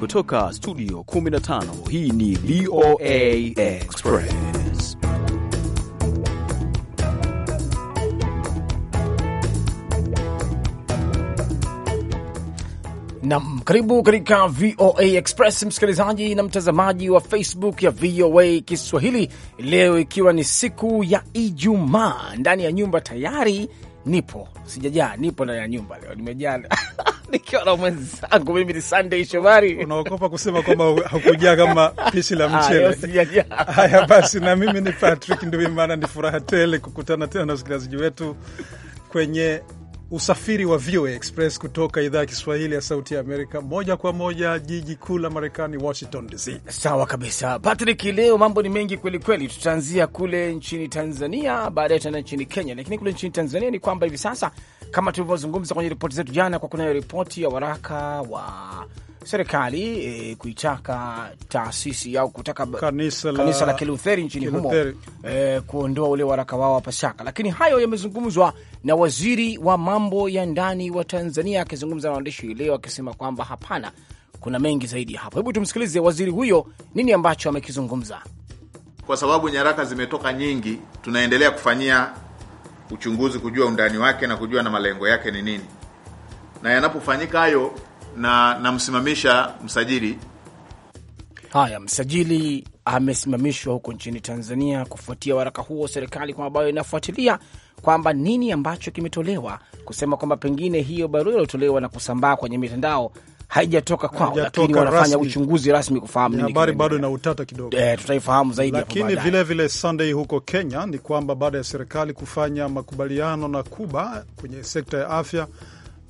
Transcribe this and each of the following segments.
Kutoka studio 15 hii ni VOA Express. Nam, karibu katika VOA Express msikilizaji na mtazamaji wa Facebook ya VOA Kiswahili, leo ikiwa ni siku ya Ijumaa, ndani ya nyumba tayari nipo sijajaa, nipo ndani ya nyumba leo, nimejaa nikiwa na mwenzangu. Mimi ni Sunday Shomari. Unaogopa kusema kwamba hakujaa kama pishi la mchele. Haya basi, na mimi ni Patrick Nduimana. Ni furaha tele kukutana tena na wasikilizaji wetu kwenye usafiri wa VOA Express kutoka idhaa ya Kiswahili ya Sauti ya Amerika, moja kwa moja jiji kuu la Marekani, Washington DC. Sawa kabisa, Patrick. Leo mambo ni mengi kwelikweli. Tutaanzia kule nchini Tanzania, baadaye tutaenda nchini Kenya, lakini kule nchini Tanzania ni kwamba hivi sasa kama tulivyozungumza kwenye ripoti zetu jana, kwa kunayo ripoti ya waraka wa serikali e, kuitaka taasisi au kutaka kanisa la, kanisa la Kilutheri nchini humo e, kuondoa ule waraka wao wa Pasaka, lakini hayo yamezungumzwa na waziri wa mambo ya ndani wa Tanzania akizungumza na waandishi hii leo akisema kwamba hapana, kuna mengi zaidi hapo. Hebu tumsikilize waziri huyo, nini ambacho amekizungumza. Kwa sababu nyaraka zimetoka nyingi, tunaendelea kufanyia uchunguzi kujua undani wake na kujua na malengo yake ni nini, na yanapofanyika hayo na namsimamisha msajili. Haya, msajili amesimamishwa huko nchini Tanzania kufuatia waraka huo, serikali kwa ambayo inafuatilia kwamba nini ambacho kimetolewa kusema kwamba pengine hiyo barua iliyotolewa na kusambaa kwenye mitandao haijatoka kwao, lakini wanafanya uchunguzi rasmi kufahamu nini. Habari bado ina utata kidogo, e, tutaifahamu zaidi Lakini vile vile Sunday, huko Kenya, ni kwamba baada ya serikali kufanya makubaliano na Kuba kwenye sekta ya afya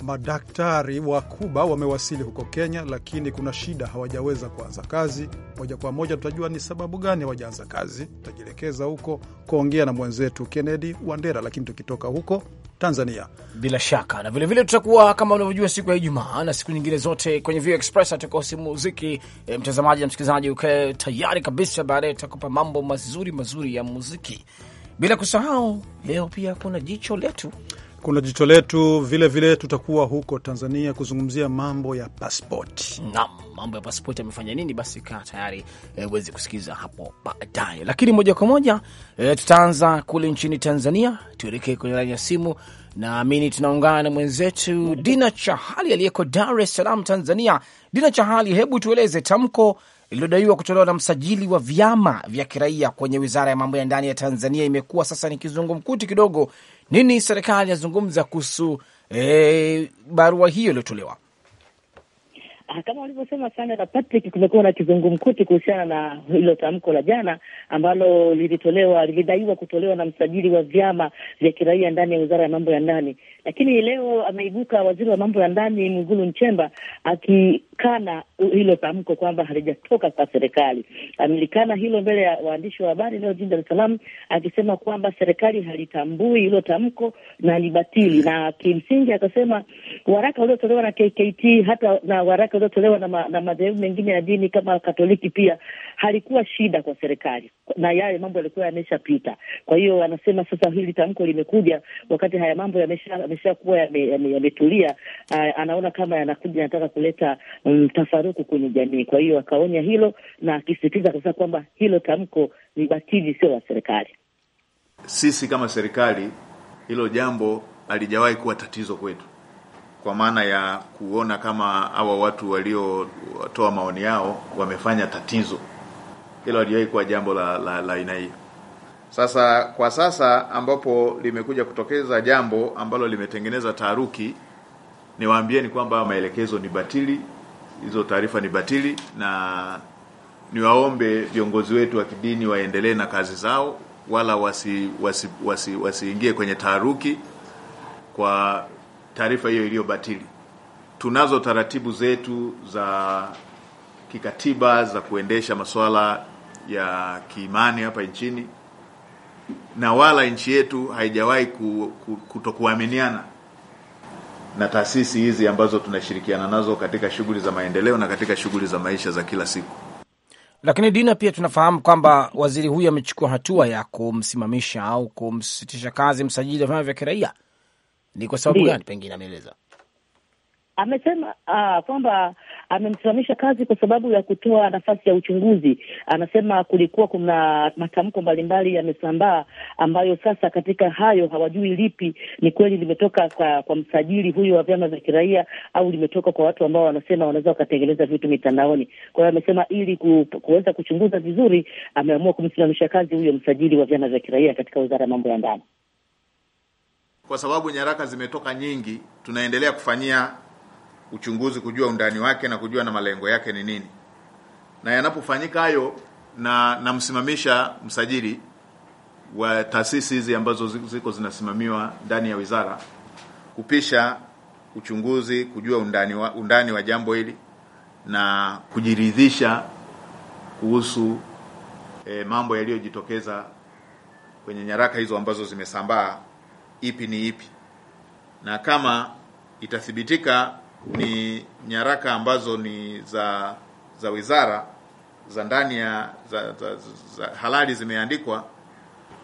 Madaktari wa Kuba wamewasili huko Kenya, lakini kuna shida, hawajaweza kuanza kazi moja kwa moja. Tutajua ni sababu gani hawajaanza kazi, tutajielekeza huko kuongea na mwenzetu Kennedy Wandera. Lakini tukitoka huko Tanzania bila shaka, na vilevile tutakuwa kama unavyojua siku ya Ijumaa na siku nyingine zote kwenye Vio Express atakosi muziki. E, mtazamaji na msikilizaji, ukae tayari kabisa, baadaye tutakupa mambo mazuri mazuri ya muziki, bila kusahau leo pia kuna jicho letu kuna jicho letu vilevile, tutakuwa huko Tanzania kuzungumzia mambo ya paspoti. Naam, mambo ya paspoti yamefanya nini? Basi kaa tayari eh, uweze kusikiliza hapo baadaye, lakini moja kwa moja eh, tutaanza kule nchini Tanzania. Tuelekee kwenye laini ya simu, naamini tunaungana na mwenzetu Dina Chahali aliyeko Dar es Salaam, Tanzania. Dina Chahali, hebu tueleze tamko iliyodaiwa kutolewa na msajili wa vyama vya kiraia kwenye wizara ya mambo ya ndani ya Tanzania imekuwa sasa ni kizungumkuti kidogo nini serikali yazungumza kuhusu e, barua hiyo iliyotolewa? Ah, kama walivyosema na Patrick, kumekuwa na kizungumkuti kuhusiana na hilo tamko la jana ambalo lilitolewa, lilidaiwa kutolewa na msajili wa vyama vya kiraia ndani ya wizara ya mambo ya ndani, lakini leo ameibuka waziri wa mambo ya ndani Mwigulu Nchemba akikana hilo tamko kwamba halijatoka kwa serikali. Amelikana hilo mbele ya waandishi wa habari leo jijini Dar es Salaam, akisema kwamba serikali halitambui hilo tamko na ni batili, na kimsingi akasema waraka uliotolewa na KKT hata na waraka zinazotolewa na, ma, na madhehebu mengine ya dini kama Katoliki pia halikuwa shida kwa serikali, na yale mambo yalikuwa yameshapita. Kwa hiyo anasema sasa hili tamko limekuja wakati haya mambo yameshakuwa yametulia, yame, yame eh, anaona kama yanakuja yanataka kuleta mtafaruku mm, um, kwenye jamii. Kwa hiyo akaonya hilo na akisisitiza sasa kwamba hilo tamko ni batili, sio la serikali. Sisi kama serikali hilo jambo alijawahi kuwa tatizo kwetu kwa maana ya kuona kama hawa watu waliotoa maoni yao wamefanya tatizo. Hilo halijawahi kuwa jambo la la, la aina hiyo. Sasa kwa sasa ambapo limekuja kutokeza jambo ambalo limetengeneza taharuki, niwaambieni kwamba maelekezo ni batili, hizo taarifa ni batili, na niwaombe viongozi wetu wa kidini waendelee na kazi zao, wala wasi wasiingie wasi, wasi kwenye taharuki kwa taarifa hiyo iliyobatili. Tunazo taratibu zetu za kikatiba za kuendesha masuala ya kiimani hapa nchini, na wala nchi yetu haijawahi kutokuaminiana na taasisi hizi ambazo tunashirikiana nazo katika shughuli za maendeleo na katika shughuli za maisha za kila siku. Lakini Dina, pia tunafahamu kwamba waziri huyu amechukua hatua ya kumsimamisha au kumsitisha kazi msajili wa vyama vya kiraia ni kwa sababu gani? Pengine ameeleza amesema ah, kwamba amemsimamisha kazi kwa sababu ya kutoa nafasi ya uchunguzi. Anasema kulikuwa kuna matamko mbalimbali yamesambaa, ambayo sasa katika hayo hawajui lipi ni kweli limetoka kwa, kwa msajili huyo wa vyama vya kiraia au limetoka kwa watu ambao wanasema wanaweza wakatengeneza vitu mitandaoni. Kwa hiyo amesema ili ku, kuweza kuchunguza vizuri, ameamua kumsimamisha kazi huyo msajili wa vyama vya kiraia katika wizara ya mambo ya ndani kwa sababu nyaraka zimetoka nyingi, tunaendelea kufanyia uchunguzi kujua undani wake na kujua na malengo yake ni nini, na yanapofanyika hayo, na namsimamisha msajili wa taasisi hizi ambazo ziko zinasimamiwa ndani ya wizara kupisha uchunguzi kujua undani wa, undani wa jambo hili na kujiridhisha kuhusu e, mambo yaliyojitokeza kwenye nyaraka hizo ambazo zimesambaa ipi ni ipi, na kama itathibitika ni nyaraka ambazo ni za za wizara za ndani ya za, za, za halali zimeandikwa,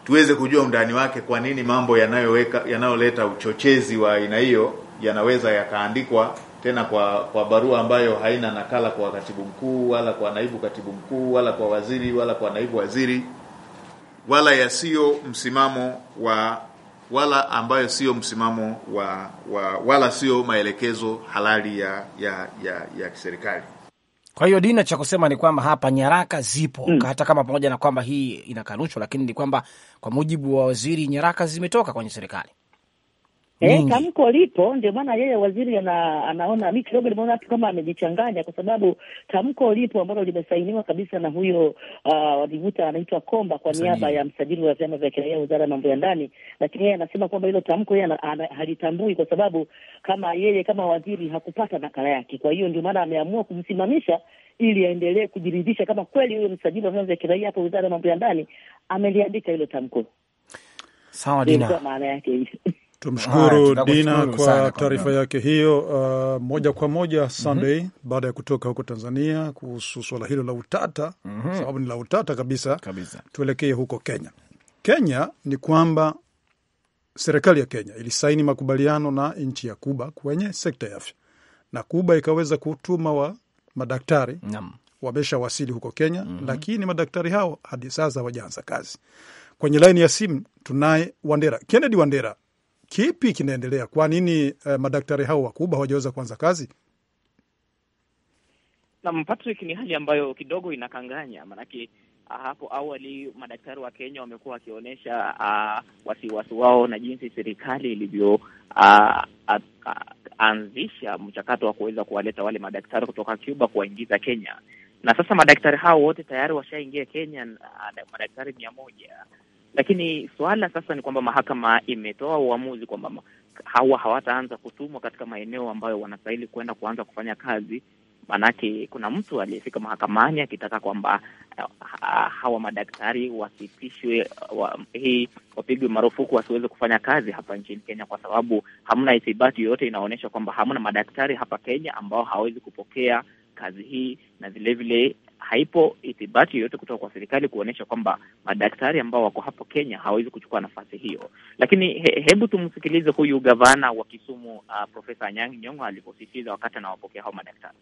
tuweze kujua undani wake, kwa nini mambo yanayoweka yanayoleta uchochezi wa aina hiyo yanaweza yakaandikwa tena kwa kwa barua ambayo haina nakala kwa katibu mkuu wala kwa naibu katibu mkuu wala kwa waziri wala kwa naibu waziri wala yasiyo msimamo wa wala ambayo sio msimamo wa, wa wala sio maelekezo halali ya ya ya, ya kiserikali. Kwa hiyo Dina, cha kusema ni kwamba hapa nyaraka zipo mm, hata kama pamoja na kwamba hii inakanushwa, lakini ni kwamba kwa mujibu wa waziri nyaraka zimetoka kwenye serikali. E, tamko lipo, ndio maana yeye waziri ana, anaona mi kidogo nimeona watu kama amejichanganya, kwa sababu tamko lipo ambalo limesainiwa kabisa na huyo uh, ah, wadivuta anaitwa Komba kwa niaba ya msajili wa vyama vya kiraia wizara ya mambo ya ndani, lakini yeye anasema kwamba hilo tamko yeye halitambui kwa sababu kama yeye kama waziri hakupata nakala yake. Kwa hiyo ndio maana ameamua kumsimamisha ili aendelee kujiridhisha kama kweli huyo msajili wa vyama vya kiraia hapo wizara ya mambo ya ndani ameliandika hilo tamko. Sawa Dina, maana yake Tumshukuru Dina kwa taarifa yake hiyo. Uh, moja kwa moja Sunday, mm -hmm. baada ya kutoka huko Tanzania kuhusu swala hilo la utata mm -hmm. sababu ni la utata kabisa, kabisa. Tuelekee huko Kenya. Kenya ni kwamba serikali ya Kenya ilisaini makubaliano na nchi ya Kuba kwenye sekta ya afya na Kuba ikaweza kutuma wa madaktari wamesha wameshawasili huko Kenya mm -hmm. lakini madaktari hao hadi sasa hawajaanza kazi. Kwenye laini ya simu tunaye Wandera Kennedy Wandera kipi kinaendelea? Kwa nini eh, madaktari hao wakubwa hawajaweza kuanza kazi? Naam, Patrick, ni hali ambayo kidogo inakanganya, maanake ah, hapo awali madaktari wa Kenya wamekuwa wakionyesha ah, wasiwasi wao na jinsi serikali ilivyoanzisha ah, mchakato wa kuweza kuwaleta wale madaktari kutoka Cuba kuwaingiza Kenya, na sasa madaktari hao wote tayari washaingia Kenya, madaktari mia moja lakini suala sasa ni kwamba mahakama imetoa uamuzi kwamba hawa hawataanza kutumwa katika maeneo ambayo wanastahili kwenda kuanza kufanya kazi. Maanake kuna mtu aliyefika mahakamani akitaka kwamba uh, hawa madaktari wasitishwe, uh, wa, hii wapigwe marufuku wasiweze kufanya kazi hapa nchini Kenya, kwa sababu hamna ithibati yoyote inaonyesha kwamba hamna madaktari hapa Kenya ambao hawawezi kupokea kazi hii, na vilevile haipo ithibati yoyote kutoka kwa serikali kuonyesha kwamba madaktari ambao wako hapo Kenya hawawezi kuchukua nafasi hiyo. Lakini he, hebu tumsikilize huyu gavana wa Kisumu uh, Profesa Anyang' Nyong'o alivyosisitiza wakati anawapokea hao madaktari.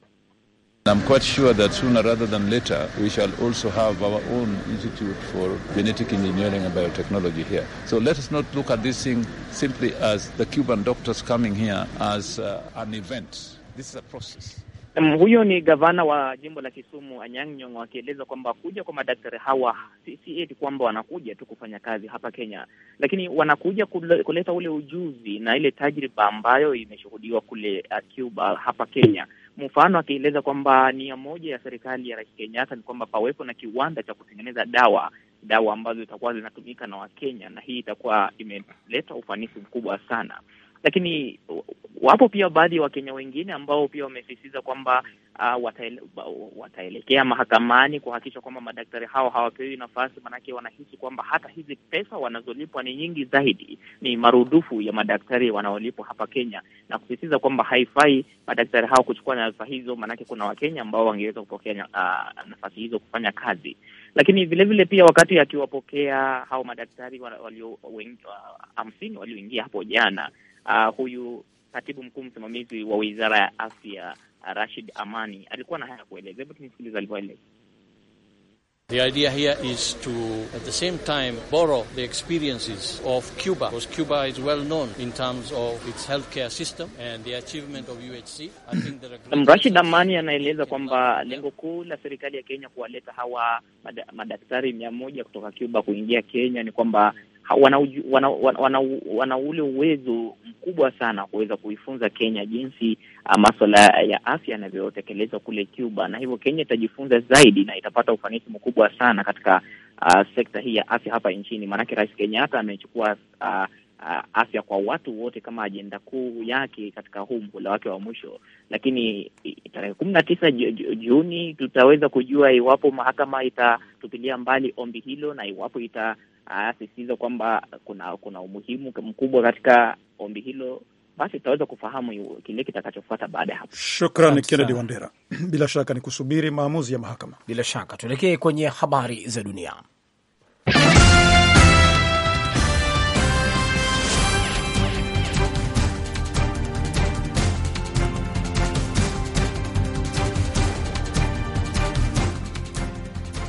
I'm quite sure that sooner rather than later we shall also have our own institute for genetic engineering and biotechnology here. So let us not look at this thing simply as the Cuban doctors coming here as uh, an event. This is a process. Um, huyo ni gavana wa jimbo la Kisumu Anyang' Nyong'o akieleza kwamba kuja kwa madaktari hawa si, si eti kwamba wanakuja tu kufanya kazi hapa Kenya, lakini wanakuja kuleta ule ujuzi na ile tajriba ambayo imeshuhudiwa kule uh, Cuba hapa Kenya. Mfano, akieleza kwamba nia moja ya serikali ya Rais Kenyatta ni kwamba pawepo na kiwanda cha kutengeneza dawa dawa ambazo zitakuwa zinatumika na Wakenya, na hii itakuwa imeleta ufanisi mkubwa sana lakini Wapo pia baadhi ya Wakenya wengine ambao pia wamesisitiza kwamba uh, wataele, wataelekea mahakamani kuhakikisha kwamba madaktari hao hawapewi nafasi, maanake wanahisi kwamba hata hizi pesa wanazolipwa ni nyingi zaidi, ni marudufu ya madaktari wanaolipwa hapa Kenya, na kusisitiza kwamba haifai madaktari hao kuchukua nafasi hizo, maanake kuna Wakenya ambao wangeweza kupokea uh, nafasi hizo kufanya kazi. Lakini vile vile pia wakati akiwapokea hao madaktari walio hamsini walioingia hapo jana, uh, huyu katibu mkuu msimamizi wa wizara ya afya Rashid Amani alikuwa na haya kueleza. Hebu tumsikiliza alivyoeleza. The idea here is to, at the same time, borrow the experiences of Cuba, because Cuba is well known in terms of its healthcare system and the achievement of UHC. I think there are... Um, Rashid Amani anaeleza kwamba lengo kuu la serikali ya Kenya kuwaleta hawa mad madaktari mia moja kutoka Cuba kuingia Kenya ni kwamba wana, wana, wana, wana ule uwezo mkubwa sana kuweza kuifunza Kenya jinsi ah, maswala ya afya yanavyotekelezwa kule Cuba, na hivyo Kenya itajifunza zaidi na itapata ufanisi mkubwa sana katika uh, sekta hii ya afya hapa nchini, maanake Rais Kenyatta amechukua uh, Uh, afya kwa watu wote kama ajenda kuu yake katika huu mhula wake wa mwisho. Lakini tarehe kumi na tisa Juni tutaweza kujua iwapo mahakama itatupilia mbali ombi hilo na iwapo ita asisitiza kwamba kuna kuna umuhimu mkubwa katika ombi hilo, basi tutaweza kufahamu kile kitakachofuata baada ya hapo. Shukrani Kennedy Wandera, bila shaka ni kusubiri maamuzi ya mahakama. Bila shaka tuelekee kwenye habari za dunia.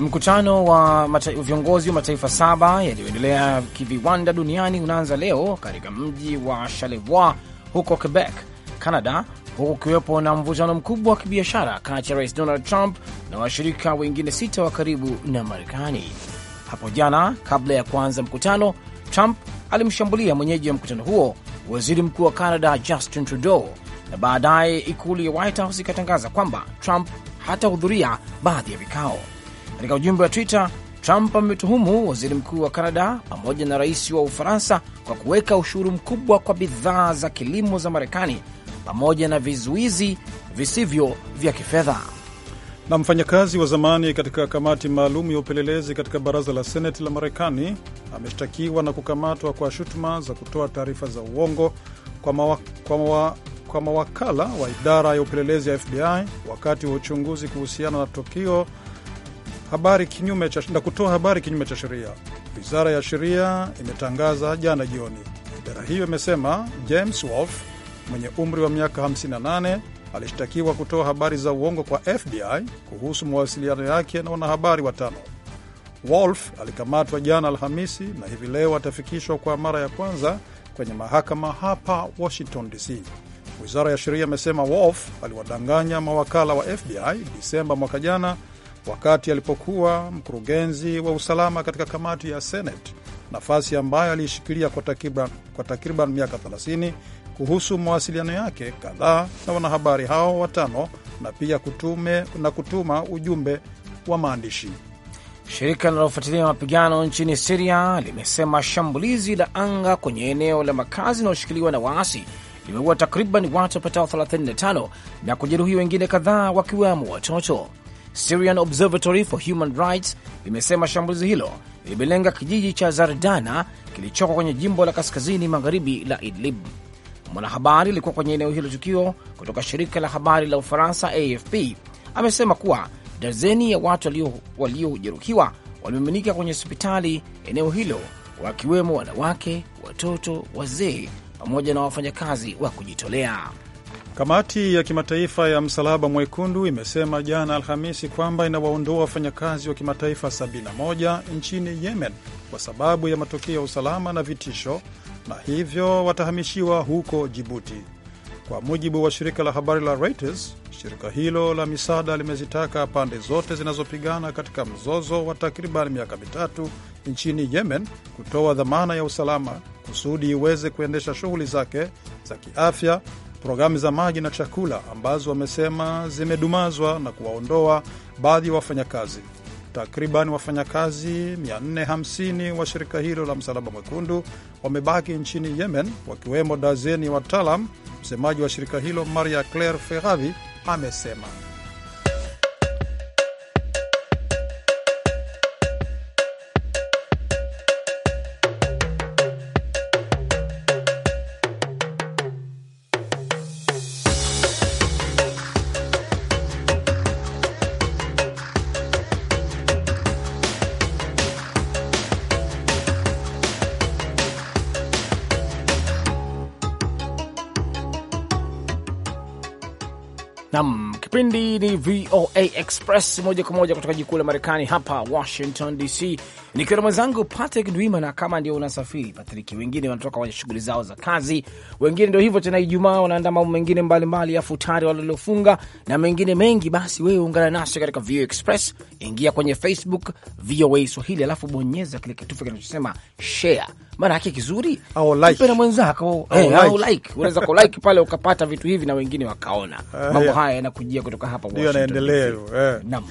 Mkutano wa viongozi wa mataifa saba yaliyoendelea kiviwanda duniani unaanza leo katika mji wa Charlevoix huko Quebec, Canada, huku ukiwepo na mvutano mkubwa wa kibiashara kati ya Rais Donald Trump na washirika wengine sita wa karibu na Marekani. Hapo jana, kabla ya kuanza mkutano, Trump alimshambulia mwenyeji wa mkutano huo, waziri mkuu wa Canada Justin Trudeau, na baadaye ikulu ya White House ikatangaza kwamba Trump hatahudhuria baadhi ya vikao. Katika ujumbe wa Twitter, Trump ametuhumu waziri mkuu wa Kanada pamoja na rais wa Ufaransa kwa kuweka ushuru mkubwa kwa bidhaa za kilimo za Marekani pamoja na vizuizi visivyo vya kifedha. Na mfanyakazi wa zamani katika kamati maalum ya upelelezi katika baraza la seneti la Marekani ameshtakiwa na kukamatwa kwa shutuma za kutoa taarifa za uongo kwa, mawa, kwa, mawa, kwa mawakala wa idara ya upelelezi ya FBI wakati wa uchunguzi kuhusiana na tukio habari kinyume cha, na kutoa habari kinyume cha sheria. Wizara ya sheria imetangaza jana jioni. Idara hiyo imesema James Wolf mwenye umri wa miaka 58 alishtakiwa kutoa habari za uongo kwa FBI kuhusu mawasiliano yake na wanahabari watano. Wolf alikamatwa jana Alhamisi na hivi leo atafikishwa kwa mara ya kwanza kwenye mahakama hapa Washington DC. Wizara ya sheria imesema Wolf aliwadanganya mawakala wa FBI Disemba mwaka jana wakati alipokuwa mkurugenzi wa usalama katika kamati ya Senate, nafasi ambayo aliishikilia kwa takriban miaka 30, kuhusu mawasiliano yake kadhaa na wanahabari hao watano na pia kutume, na kutuma ujumbe wa maandishi. Shirika linalofuatilia mapigano nchini Siria limesema shambulizi la anga kwenye eneo la makazi inayoshikiliwa na waasi limeua takriban watu wapatao 35 na kujeruhi wengine kadhaa wakiwemo watoto. Syrian Observatory for Human Rights limesema shambulizi hilo limelenga kijiji cha Zardana kilichoko kwenye jimbo la kaskazini magharibi la Idlib. Mwanahabari alikuwa kwenye eneo hilo tukio kutoka shirika la habari la Ufaransa AFP amesema kuwa dazeni ya watu waliojeruhiwa walimiminika kwenye hospitali eneo hilo, wakiwemo wanawake, watoto, wazee pamoja na wafanyakazi wa kujitolea. Kamati ya kimataifa ya Msalaba Mwekundu imesema jana Alhamisi kwamba inawaondoa wafanyakazi wa kimataifa 71 nchini Yemen kwa sababu ya matokeo ya usalama na vitisho, na hivyo watahamishiwa huko Jibuti. Kwa mujibu wa shirika la habari la Reuters, shirika hilo la misaada limezitaka pande zote zinazopigana katika mzozo wa takriban miaka mitatu nchini Yemen kutoa dhamana ya usalama kusudi iweze kuendesha shughuli zake za kiafya programu za maji na chakula ambazo wamesema zimedumazwa na kuwaondoa baadhi ya wafanyakazi. Takriban wafanyakazi 450 wa shirika hilo la Msalaba Mwekundu wamebaki nchini Yemen, wakiwemo dazeni ya wataalam. Msemaji wa shirika hilo Maria Claire Ferravi amesema kipindi ni VOA Express moja kwa moja kutoka jikuu la Marekani hapa Washington DC, nikiwa na mwenzangu Patrick Dwimana. Kama ndio unasafiri Patrick, wengine wanatoka kwenye shughuli zao za kazi, wengine ndio hivyo tena, Ijumaa wanaenda mambo mengine mbalimbali ya futari walilofunga na mengine mengi. Basi wewe ungana nasi katika VOA Express, ingia kwenye Facebook VOA Swahili alafu bonyeza kile kitufe kinachosema share, maana yake kizuri au like. pena mwenzako au eh, like, unaweza ku like pale ukapata vitu hivi na wengine wakaona ah, mambo haya yanakujia kutoka hapa ndio yanaendelea hivyo eh. Naam,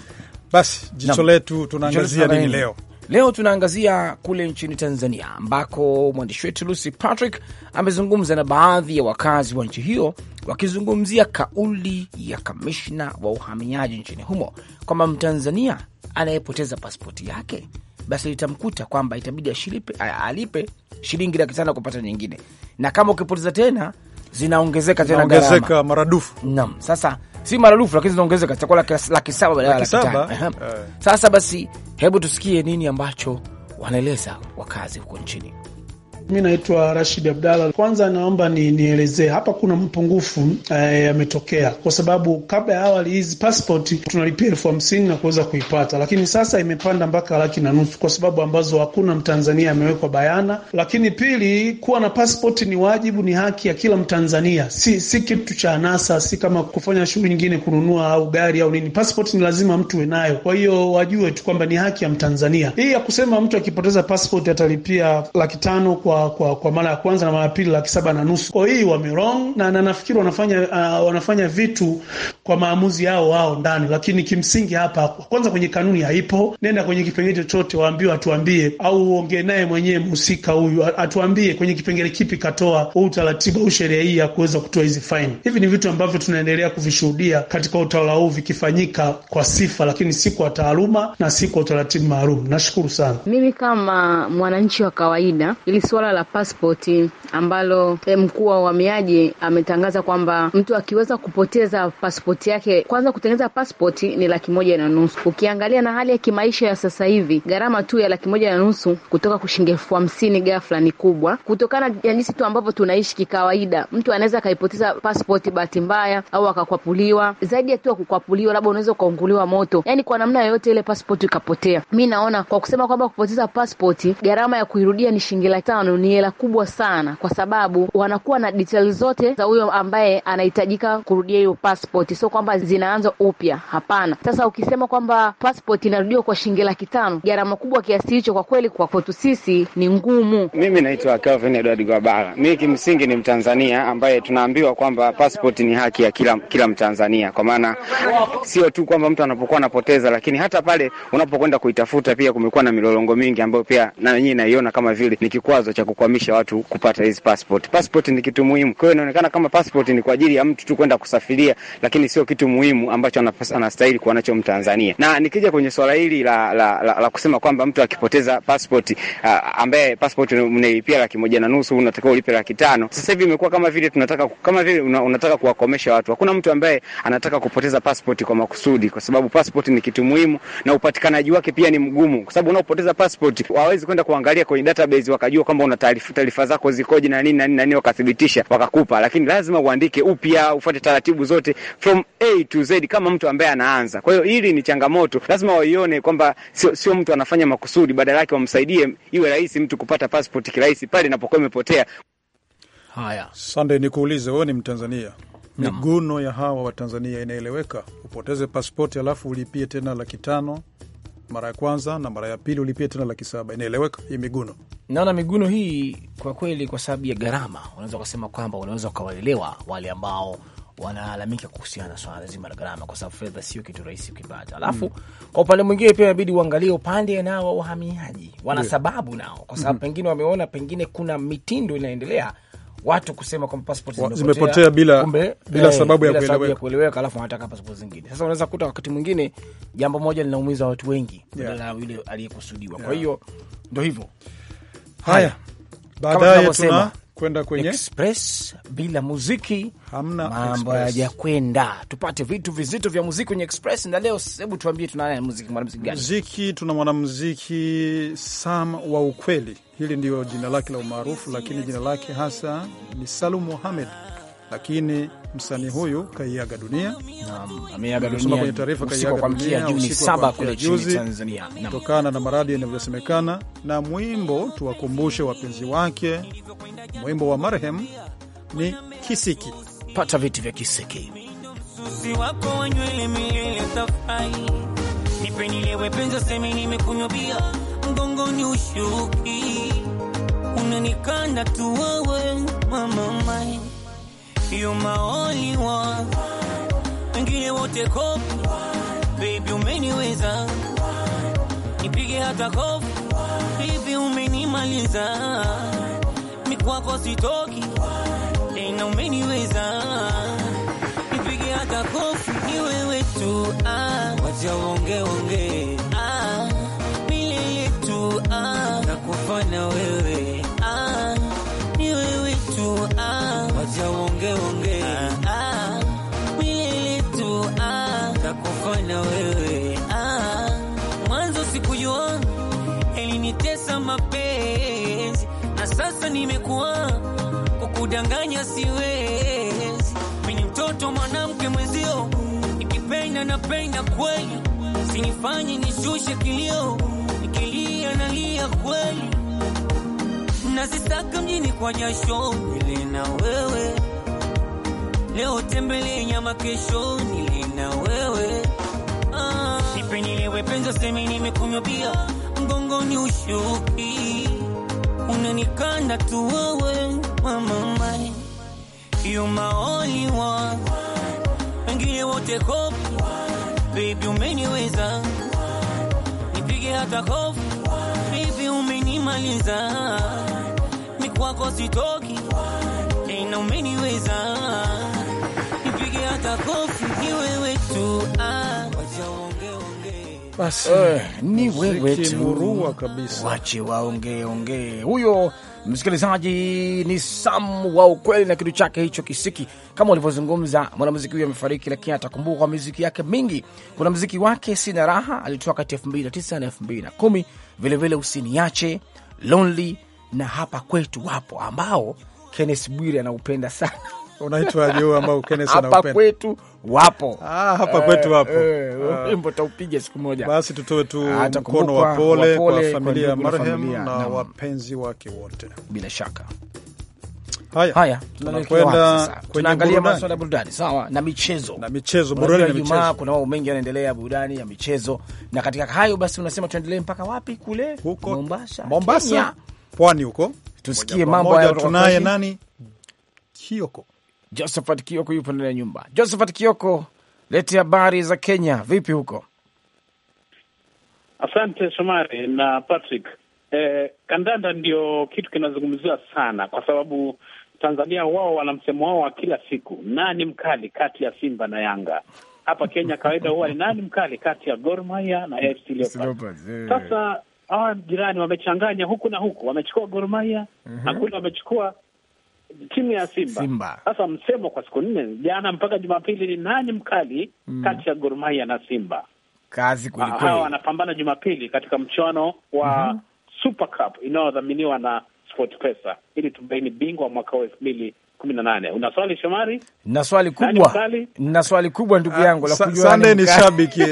basi jicho letu tunaangazia nini leo? Leo tunaangazia kule nchini Tanzania ambako mwandishi wetu Lucy Patrick amezungumza na baadhi ya wakazi wa nchi hiyo wakizungumzia kauli ya kamishna wa uhamiaji nchini humo kwamba Mtanzania anayepoteza paspoti yake basi itamkuta kwamba itabidi ashilipe, alipe shilingi laki tano kupata nyingine, na kama ukipoteza tena zinaongezeka tena, maradufu. Naam, sasa si maarufu lakini zinaongezeka, zitakuwa laki saba badala ya laki tano. Eh. Sasa basi, hebu tusikie nini ambacho wanaeleza wakazi huko nchini Mi naitwa Rashid Abdalla. Kwanza naomba ni, nielezee hapa kuna mapungufu eh, yametokea, kwa sababu kabla ya awali hizi pasipoti tunalipia elfu hamsini na kuweza kuipata, lakini sasa imepanda mpaka laki na nusu kwa sababu ambazo hakuna Mtanzania amewekwa bayana. Lakini pili, kuwa na paspoti ni wajibu, ni haki ya kila Mtanzania, si si kitu cha anasa, si kama kufanya shughuli nyingine, kununua au gari au nini. Pasipoti ni lazima mtu wenayo, kwa hiyo wajue tu kwamba ni haki ya Mtanzania. Hii ya kusema mtu akipoteza pasipoti atalipia laki tano kwa kwa kwa, kwa mara ya kwanza na mara ya pili laki saba na nusu. Kwa hii wrong, na, na nafikiri wanafanya uh, wanafanya vitu kwa maamuzi yao wao ndani, lakini kimsingi hapa kwanza kwenye kanuni haipo. Nenda kwenye kipengele chochote waambie atuambie, au uongee naye mwenyewe mhusika huyu atuambie kwenye kipengele kipi katoa huu utaratibu au sheria hii ya kuweza kutoa hizi faini. Hivi ni vitu ambavyo tunaendelea kuvishuhudia katika utawala huu vikifanyika kwa sifa, lakini si kwa taaluma na si kwa utaratibu maalum. Nashukuru sana mimi kama mwananchi wa kawaida ili swala swala la pasipoti ambalo eh, mkuu wa uhamiaji ametangaza kwamba mtu akiweza kupoteza pasipoti yake, kwanza kutengeneza pasipoti ni laki moja na nusu. Ukiangalia na hali ya kimaisha ya sasa hivi, gharama tu ya laki moja na nusu kutoka kushingi elfu hamsini ghafla ni kubwa, kutokana na jinsi tu ambavyo tunaishi kikawaida. Mtu anaweza akaipoteza pasipoti bahati mbaya, au akakwapuliwa. Zaidi ya tu ya kukwapuliwa, labda unaweza ukaunguliwa moto, yani kwa namna yoyote ile pasipoti ikapotea. Mi naona kwa kusema kwamba kupoteza pasipoti gharama ya kuirudia ni shilingi laki tano ni hela kubwa sana, kwa sababu wanakuwa na details zote za huyo ambaye anahitajika kurudia hiyo passport, sio kwamba zinaanza upya. Hapana. Sasa ukisema kwamba passport inarudiwa kwa shilingi laki tano, gharama kubwa kiasi hicho, kwa kweli kwa kwetu sisi ni ngumu. Mimi naitwa Kelvin Edward Gwabara, mimi kimsingi ni Mtanzania ambaye tunaambiwa kwamba passport ni haki ya kila kila Mtanzania, kwa maana sio tu kwamba mtu anapokuwa anapoteza, lakini hata pale unapokwenda kuitafuta pia kumekuwa na milolongo mingi ambayo pia na wenyewe naiona kama vile ni kikwazo cha kukwamisha watu kupata hizi passport. Passport ni kitu muhimu, kwa hiyo inaonekana kama passport ni kwa ajili ya mtu tu kwenda kusafiria, lakini sio kitu muhimu ambacho anastahili kuwa nacho Mtanzania. Na nikija kwenye swala hili la, la, la, la kusema kwamba mtu akipoteza passport uh, ambaye passport unailipia laki moja na nusu unatakiwa ulipe laki tano. Sasa hivi imekuwa kama vile tunataka kama vile una, unataka kuwakomesha watu. Hakuna mtu ambaye anataka kupoteza passport kwa makusudi, kwa sababu passport ni kitu muhimu na upatikanaji wake pia ni mgumu, kwa sababu unaopoteza passport hawezi kwenda kuangalia kwenye database wakajua kwamba una na taarifa taarifa zako zikoje na nini na nini na nini, wakathibitisha wakakupa, lakini lazima uandike upya, ufuate taratibu zote from A to Z kama mtu ambaye anaanza. Kwa hiyo hili ni changamoto, lazima waione kwamba sio, sio mtu anafanya makusudi, badala yake wamsaidie, iwe rahisi mtu kupata passport kirahisi pale inapokuwa imepotea. Haya, Sunday, nikuulize wewe, ni Mtanzania miguno ya hawa Watanzania inaeleweka? Upoteze paspoti alafu ulipie tena laki tano mara ya kwanza na mara ya pili ulipia tena laki saba. Inaeleweka hii miguno, naona miguno hii kwa kweli, kwa sababu ya gharama, unaweza ukasema kwamba unaweza ukawaelewa wale ambao wanalalamika kuhusiana na swala zima la gharama, kwa sababu fedha sio kitu rahisi ukipata. Alafu mm. kwa upande mwingine pia inabidi uangalie upande nao wa uhamiaji, wana sababu nao, kwa sababu mm -hmm. pengine wameona pengine kuna mitindo inaendelea watu kusema kwamba passport zimepotea bila, kumbe, bila hey, eh, sababu ya kueleweka, alafu wanataka passport zingine. Sasa unaweza kuta wakati mwingine jambo moja linaumiza watu wengi badala yeah, yule aliyekusudiwa yeah. Kwa hiyo ndo hivyo haya, baadaye tuna kwenda kwenye Express bila muziki hamna mambo hayajakwenda. Tupate vitu vizito vya muziki kwenye Express na leo, hebu tuambie, tuna muziki mwanamuziki gani? Muziki tuna mwanamuziki Sam wa ukweli, hili ndio jina lake la umaarufu, lakini jina lake hasa ni Salum Mohamed lakini msanii huyu kaiaga dunia, kwenye taarifa juzi kutokana na maradhi yanavyosemekana. Na mwimbo tuwakumbushe wapenzi wake, mwimbo wa marehemu ni kisiki, pata viti vya kisiki unanikanda tu wewe mama mai You my only one, wengine wote kopi, baby umeniweza, nipige hata kofu hivi umenimaliza, mikwako sitoki tena, umeniweza, nipige hata kofu ni wewe tu, ah. wacha uonge onge milele ah, tu, ah. nakufana wewe sasa nimekuwa kukudanganya siwezi, mini mtoto mwanamke mwenzio, nikipenda napenda kweli, sinifanye nishushe kilio, nikilia nalia kweli, nazisaka mjini kwa jasho nile na wewe leo, tembele nyama, kesho nile na wewe ah, nipenye wewe penzi, nimekunywa bia mgongoni ushuki unanikanda tu wewe mama mai you my only one, wengine wote hope baby, umeniweza nipige hata hofu baby, umenimaliza ni kwako sitoki tena, umeniweza nipige hata hofu niwe basi eh, ni wewe tu wache ongee. Huyo msikilizaji ni Sam wa ukweli na kitu chake hicho kisiki. Kama ulivyozungumza, mwanamuziki huyo amefariki, lakini atakumbuka kwa miziki yake mingi. Kuna mziki wake sina raha alitoa kati ya 2009 na 2010, vilevile usiniache, lonely na hapa kwetu wapo, ambao kenes Bwire anaupenda sana unaitwa huo ambao Kenneth anaupenda? Hapa kwetu wapo. Ah, hapa kwetu eh, wapo. Eh, ah. Wimbo taupige siku moja. Basi tutoe tu ah, mkono wa pole kwa familia ya marehemu na na wapenzi wake wote. Bila shaka. Haya, haya tunakwenda tunaangalia masuala ya burudani sawa, na michezo na michezo, burudani na michezo. Kuna mambo mengi yanaendelea burudani ya michezo, na katika hayo basi unasema tuendelee mpaka wapi? Kule huko Mombasa, Mombasa, pwani huko, tusikie mambo ya tunaye nani Kioko Josephat Kioko yupo ndani ya nyumba. Josephat Kioko, lete habari za Kenya, vipi huko? Asante Shomari na Patrick. Eh, kandanda ndio kitu kinazungumziwa sana kwa sababu Tanzania wao wana msemo wao wa kila siku, nani mkali kati ya Simba na Yanga? Hapa Kenya kawaida huwa ni nani mkali kati ya Gor Mahia na AFC Leopards. Eh. Sasa hawa jirani wamechanganya huku na huku, wamechukua Gor Mahia na mhm. kule wamechukua timu ya Simba sasa, msemo kwa siku nne jana mpaka Jumapili ni nani mkali mm. kati ya Gor Mahia na Simba. Kazi kweli ah, hawa wanapambana Jumapili katika mchuano wa mm -hmm. Super Cup inayodhaminiwa na Pesa ili tubaini bingwa mwaka wa elfu mbili kumi na nane. Una swali Shomari? Na swali kubwa, na swali kubwa ndugu ah, yangu la kujua. Sunday ni shabiki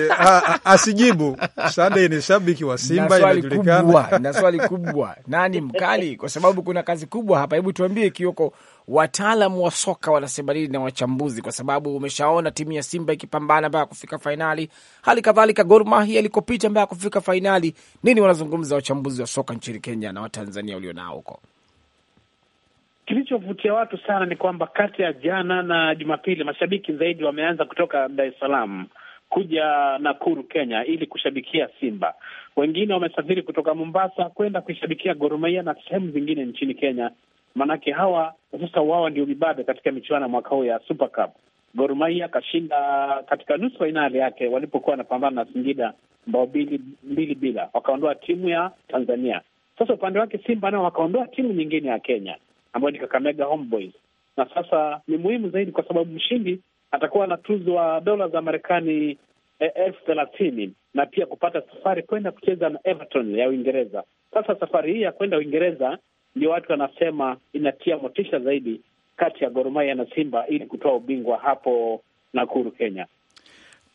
asijibu. Sunday ni shabiki wa Simba inajulikana. Na swali kubwa, nani mkali? Kwa sababu kuna kazi kubwa hapa. Hebu tuambie Kioko, wataalamu wa soka wanasema nini na wachambuzi, kwa sababu umeshaona timu ya Simba ikipambana mpaka kufika fainali, hali kadhalika Gor Mahia ilikopita mpaka kufika fainali. Nini wanazungumza wachambuzi wa soka nchini Kenya na Watanzania ulionao huko? Kilichovutia watu sana ni kwamba kati ya jana na Jumapili, mashabiki zaidi wameanza kutoka Dar es Salaam kuja Nakuru, Kenya, ili kushabikia Simba. Wengine wamesafiri kutoka Mombasa kwenda kuishabikia Gor Mahia na sehemu zingine nchini Kenya, maanake hawa sasa wao ndio mibabe katika michuano ya mwaka huu ya Super Cup. Gor Mahia akashinda katika nusu fainali yake walipokuwa wanapambana na Singida mbao mbili mbili bila, wakaondoa timu ya Tanzania. Sasa upande wake Simba nao wakaondoa timu nyingine ya Kenya ambayo ni Kakamega Homeboys, na sasa ni muhimu zaidi kwa sababu mshindi atakuwa na wa dola za Marekani eh, elfu thelathini na pia kupata safari kwenda kucheza na Everton ya Uingereza. Sasa safari hii ya kwenda Uingereza ndio watu wanasema inatia motisha zaidi kati ya Gor Mahia na Simba ili kutoa ubingwa hapo Nakuru, Kenya.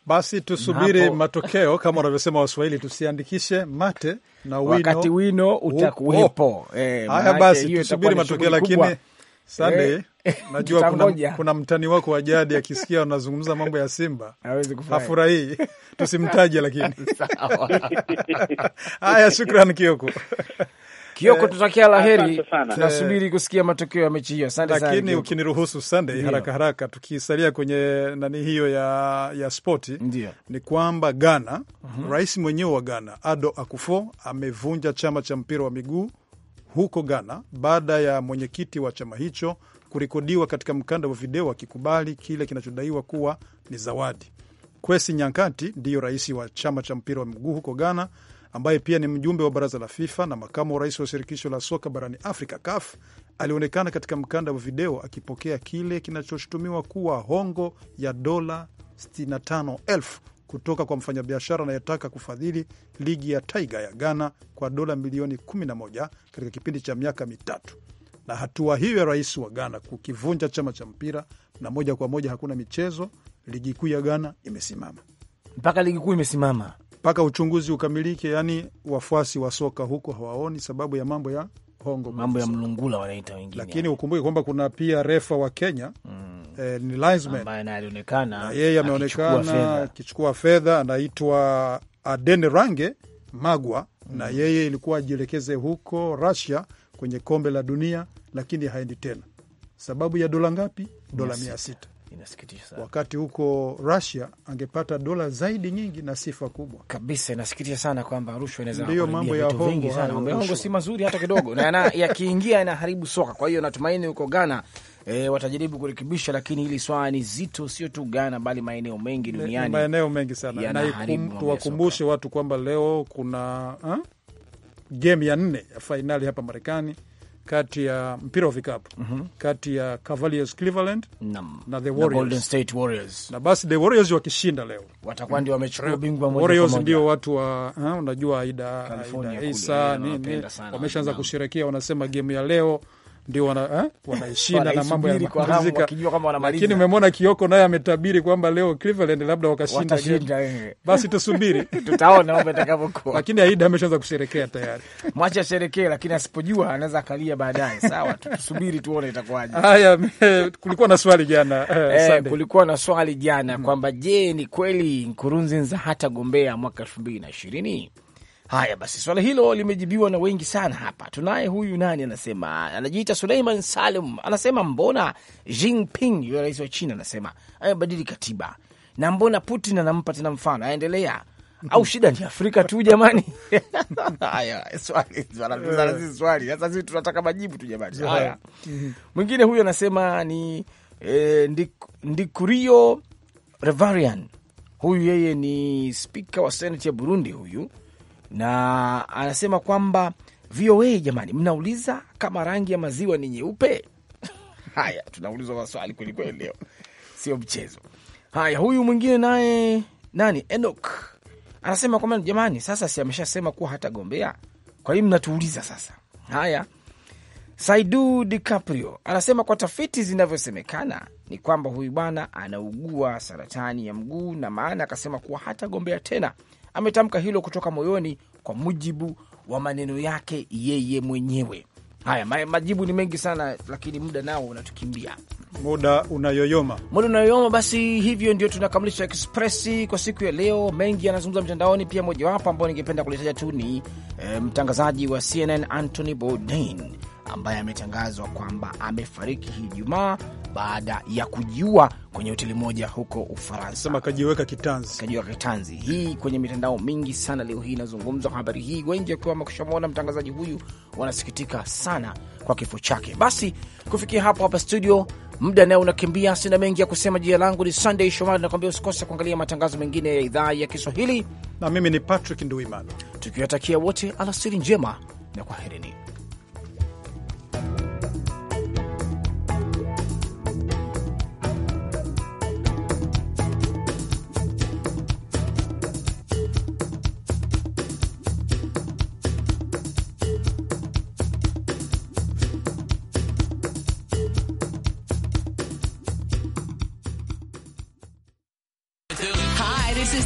Basi tusubiri Napo. matokeo kama wanavyosema Waswahili, tusiandikishe mate na wino, wakati wino utakuwepo. Eh, haya basi tusubiri matokeo, lakini Sande, eh, najua kuna, kuna mtani wako wa jadi akisikia unazungumza mambo ya Simba hafurahii, tusimtaje lakini. Haya, shukran Kioko. Kioko, eh, tutakia la heri, tunasubiri eh. kusikia matokeo ya mechi hiyo. Asante sana, lakini ukiniruhusu Sunday, haraka haraka, tukisalia kwenye nani hiyo ya, ya spoti ni kwamba Ghana, uhum. rais mwenyewe wa Ghana Ado Akufo amevunja chama cha mpira wa miguu huko Ghana baada ya mwenyekiti wa chama hicho kurekodiwa katika mkanda wa video akikubali kile kinachodaiwa kuwa ni zawadi. Kwesi Nyankati ndiyo rais wa chama cha mpira wa miguu huko Ghana ambaye pia ni mjumbe wa baraza la FIFA na makamu wa rais wa shirikisho la soka barani Afrika, CAF, alionekana katika mkanda wa video akipokea kile kinachoshutumiwa kuwa hongo ya dola 65,000 kutoka kwa mfanyabiashara anayetaka kufadhili ligi ya Taiga ya Ghana kwa dola milioni 11 katika kipindi cha miaka mitatu. Na hatua hiyo ya rais wa Ghana kukivunja chama cha mpira na moja kwa moja hakuna michezo, ligi kuu ya Ghana imesimama mpaka ligi kuu imesimama mpaka uchunguzi ukamilike. Yani wafuasi wa soka huko hawaoni sababu ya mambo ya hongo, mambo ya mlungula wanaita wengine, lakini ukumbuke kwamba kuna pia refa wa Kenya mm. eh, ni linesman alionekana yeye ameonekana akichukua fedha, anaitwa Adene Range Magwa mm. na yeye ilikuwa ajielekeze huko Russia kwenye kombe la dunia, lakini haendi tena sababu ya dola ngapi? Dola mia sita. Inasikitisha sana. Wakati huko Russia angepata dola zaidi nyingi na sifa kubwa kabisa. Inasikitisha sana kwamba rushwa inaweza ndio mambo ya hongo sana. Mambo ya hongo si mazuri hata kidogo, na yakiingia yanaharibu soka. Kwa hiyo natumaini huko Ghana E, watajaribu kurekebisha, lakini hili swala ni zito, sio tu Ghana bali maeneo mengi duniani, maeneo mengi sana, na tuwakumbushe watu kwamba leo kuna ha? Ah, game ya nne ya fainali hapa Marekani kati ya mpira wa vikapu mm -hmm. kati ya Cavaliers Cleveland Nam. na the Warriors. Na Golden State Warriors. Na basi the Warriors wakishinda leo watakuwa ndio wamechukua ubingwa moja. Warriors ndio watu wa ha, unajua Aida Aida Isa nini wameshaanza kusherekea, wanasema game ya leo ndio wana, eh, na mambo yanamalizika, lakini umemwona Kioko naye ametabiri kwamba leo Cleveland labda wakashinda, basi tusubiri tutaona itakavyokuwa. Lakini Aida ameshaanza kusherekea tayari, mwache asherekee, lakini asipojua anaweza akalia baadaye. Sawa, tusubiri tuone itakuwaje. Haya, kulikuwa na swali jana eh, eh kulikuwa na swali jana mm-hmm. kwamba je, ni kweli Nkurunziza gombea mwaka elfu mbili na ishirini? Haya basi, swala hilo limejibiwa na wengi sana hapa. Tunaye huyu nani, anasema anajiita Suleiman Salum, anasema mbona Jinping yule rais wa China anasema amebadili katiba na mbona Putin anampa tena mfano, aendelea au shida ni Afrika tu jamani? Haya, swali swali, sasa sisi tunataka majibu tu jamani. Haya, mhm. mwingine huyu anasema ni eh, Ndikurio Revarian, huyu yeye ni spika wa senati ya Burundi huyu na anasema kwamba VOA jamani, mnauliza kama rangi ya maziwa ni nyeupe? Haya, tunaulizwa maswali kwelikweli leo, sio mchezo. Haya, huyu mwingine naye nani, Enoch anasema kwamba jamani, sasa si ameshasema kuwa hatagombea, kwa hiyo mnatuuliza sasa. Haya, Saidu DiCaprio anasema kwa tafiti zinavyosemekana ni kwamba huyu bwana anaugua saratani ya mguu, na maana akasema kuwa hatagombea tena ametamka hilo kutoka moyoni kwa mujibu wa maneno yake yeye mwenyewe. Haya, majibu ni mengi sana, lakini muda nao unatukimbia, muda unayoyoma, muda unayoyoma. Basi hivyo ndio tunakamilisha Expressi kwa siku ya leo. Mengi yanazungumza mtandaoni, pia mojawapo ambao ningependa kulitaja tu ni e, mtangazaji wa CNN Anthony Bourdain ambaye ametangazwa kwamba amefariki hii Jumaa baada ya kujiua kwenye hoteli moja huko Ufaransa. Kajiweka kitanzi, kajiweka kitanzi. Hii kwenye mitandao mingi sana leo hii inazungumzwa habari hii, wengi wakiwa wamekushamwona mtangazaji huyu, wanasikitika sana kwa kifo chake. Basi kufikia hapo hapa studio, muda nayo unakimbia, sina mengi ya kusema. Jina langu ni Sunday Shomari, nakwambia usikose kuangalia matangazo mengine ya idhaa ya Kiswahili, na mimi ni Patrick Nduimana, tukiwatakia wote alasiri njema na kwaherini.